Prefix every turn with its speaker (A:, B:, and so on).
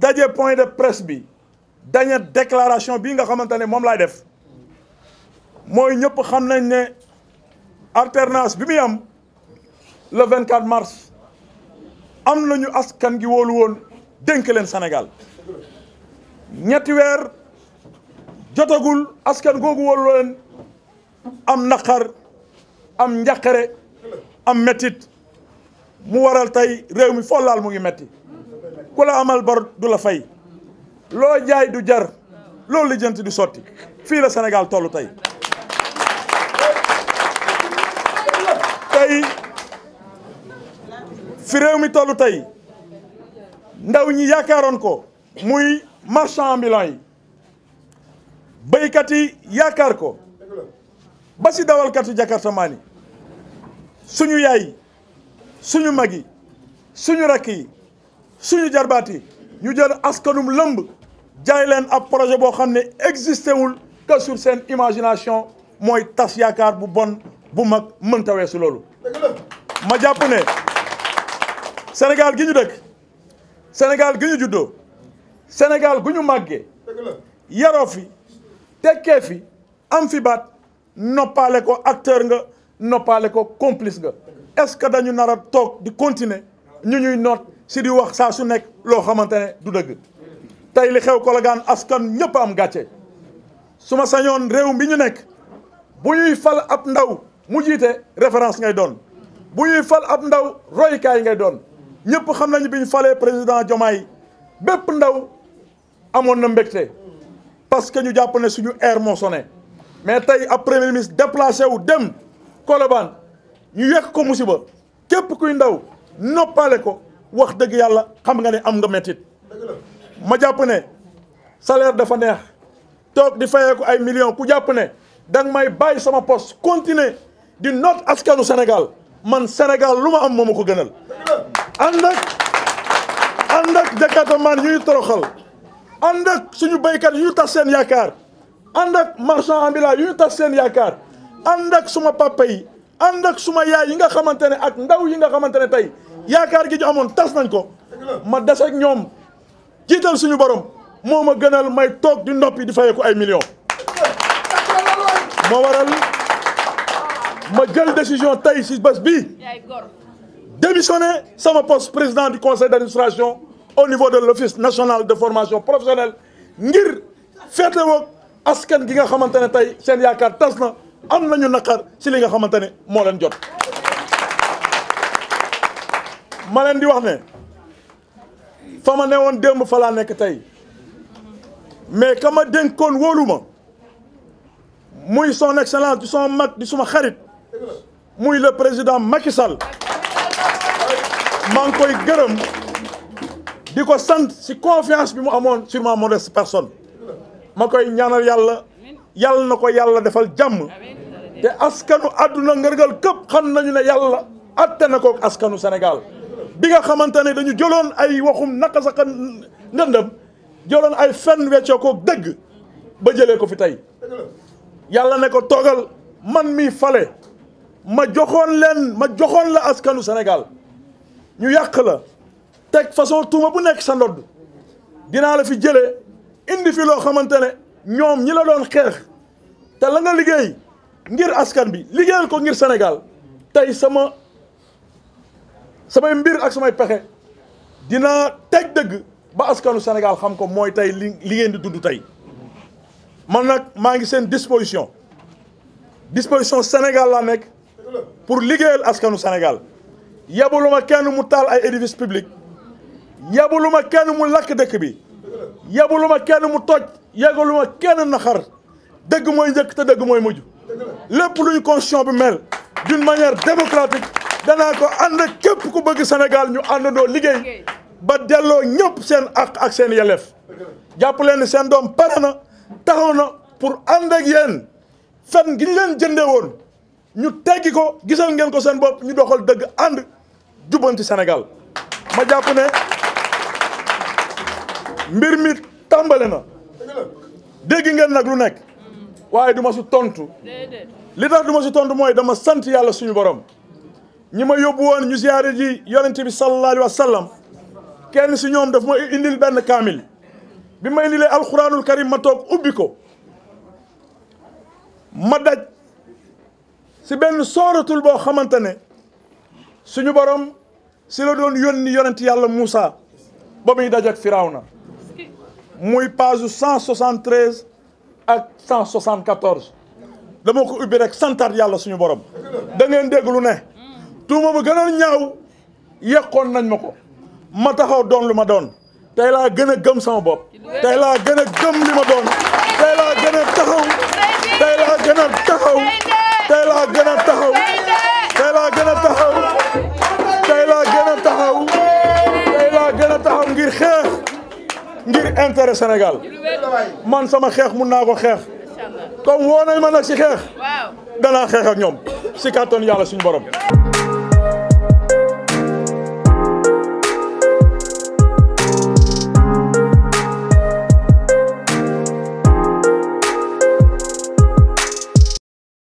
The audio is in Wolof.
A: daje point de presse bi daña déclaration bii nga xamante ne moom laay def mooy ñëpp xam nañ ne alternance bi muy am le 24 mars am nañu askan gi wóolu woon dénk leen Sénégal ñetti weer jotagul askan googu wóolu leen am naqar am njaqare am mettit mu waral tey réew mi follaal mu ngi metti ku la bor du la fay loo jaay du jar loolu lijjanti du sotti fii la Sénégal tollu tey tey fi réew mi tollu tey ndaw ñi yaakaaroon ko muy marchand ambulant yi béykat yi yaakaar ko ba si dawalkatu jakartamaan yi suñu yaay suñu mag yi suñu rakk yi suñu jarbaat ñu jël askanum lëmb jaay leen ab projet boo xam ne existé wul que seen imagination mooy tas yaakaar bu bon bu mag mënta weesu loolu. ma jàpp ne Sénégal gi ñu dëkk Sénégal gi ñu juddoo Sénégal gu ñu màggee yaroo fi tekkee fi am fi baat noppaale ko acteur nga noppaale ko complice nga est-ce que dañu nar a toog di continuer ñu ñuy noot. si di wax saa su nekk loo xamante ne du dëgg tey li xew Colobane askan ñëpp am gàcce su ma sañoon réew mi ñu nekk bu ñuy fal ab ndaw mu jiite référence ngay doon bu ñuy fal ab ndaw roykaay ngay doon ñëpp xam nañu bi falee président Diomaye bépp ndaw amoon na mbégte parce que ñu jàpp ne suñu air moo sonné mais tey ab premier ministre déplacé dem Colobane ñu yekk ko musiba képp kuy ndaw noppale ko wax dëgg yàlla xam nga ne am nga métit ma jàpp ne salaire dafa neex toog di ko ay millions ku jàpp ne danga may bàyyi sama poste continuer di nopp askanu Sénégal man Sénégal lu ma am moomu ko gënal ànd ak ànd ak jakaatamaan ñuy toroxal ànd ak suñu béykat yu ñu tas seen yaakaar ànd ak marchand ambulant yu ñu tas seen yaakaar ànd ak suma papa yi ànd ak suma yaay yi nga xamante ne ak ndaw yi nga xamante ne tey yaakaar gi ñu amoon tas nañ ko ma des ak ñoom jiital suñu borom moo ma gënal may toog di noppi di ko ay millions moo waral ma jël décision tey si bés bii démissionner sama poste président du conseil d'administration au niveau de l'office national de formation professionnelle ngir feetewoog askan gi nga xamante ne tey seen yaakaar tas na am nañu naqar ci li nga xamante ne moo leen jot ma leen di wax ne fa ma ne woon démb falaa nekk tey mais ka ma dénkoon wóoluma muy son excellence di son mag di suma xarit muy le président Macky Sall maa ngi koy gërëm di ko sant ci confiance bi mu amoon sur ma modeste personne ma koy ñaanal yàlla yàlla na ko yàlla defal jàmm te askanu àdduna ngërgal képp xam nañu ne yàlla atte na ko askanu Sénégal bi nga xamante ne dañu jëloon ay waxum naka saka ndëndëm jëloon ay fenn weccoo ko dëgg ba jëlee ko fi tey yàlla ne ko toogal man mi fale ma joxoon leen ma joxoon la askanu Sénégal ñu yàq la teg façon tuuma bu nekk sa ndodd dinaa la fi jële indi fi loo xamante ne ñoom ñi la doon xeex te la nga liggéey ngir askan bi liggéeyal ko ngir Sénégal tey sama samay mbir ak samay pexe dina teg dëgg ba askanu Sénégal xam ko mooy tey li li ngeen di dund tey man nag maa ngi seen disposition disposition Sénégal laa nekk pour liggéeyal askanu Sénégal yabalu ma kenn mu taal ay édifice public yabalu ma kenn mu lakk dëkk bi yabalu ma kenn mu toj yegalu ma kenn naxar dëgg mooy njëkk te dëgg mooy mujj lépp luñu constitution bi mel d'une manière démocratique danaa ko ànd képp ku bëgg senegal ñu àndandoo liggéey ba delloo ñëpp seen ak ak seen yelleef jàpp leen ni seen doom pare na taxaw na pour ànd ak yéen fen gi ñu leen jëndee ñu teggi ko gisal ngeen ko seen bopp ñu doxal dëgg ànd jubbanti senegal ma jàpp ne mbir mi tàmbale na dégg ngeen nag lu nekk waaye du ma si tontu li tax du ma si tontu mooy dama sant yàlla suñu borom. ñi ma yóbbu woon ñu ziyaare ji yonent bi sallallahu alayhi wa sallam kenn si ñoom daf ma indil benn kaamil bi ma indilee alxuraanul karim ma toog ubbi ko ma daj si benn sooratul boo xamante ne suñu borom si la doon yónni yonent yàlla Moussa ba muy daj ak Firawna muy page cent soixante treize ak cent soixante quatorze dama ko ubbi rek santaat yàlla suñu borom da ngeen déglu ne tuuma bu gënoon ñaaw yàqoon nañ ma ko ma taxaw doon lu ma doon tey laa gën a gëm sama bopp tey laa gën a gëm li ma doon tey laa gën a taxaw tey laa gën a taxaw tey laa gën taxaw tey laa laa gën taxaw ngir xeex ngir intérêt Sénégal man sama xeex mun naa ko xeex comme woo nañ ma nag si xeex danaa xeex ak ñoom si kàttan yàlla suñu borom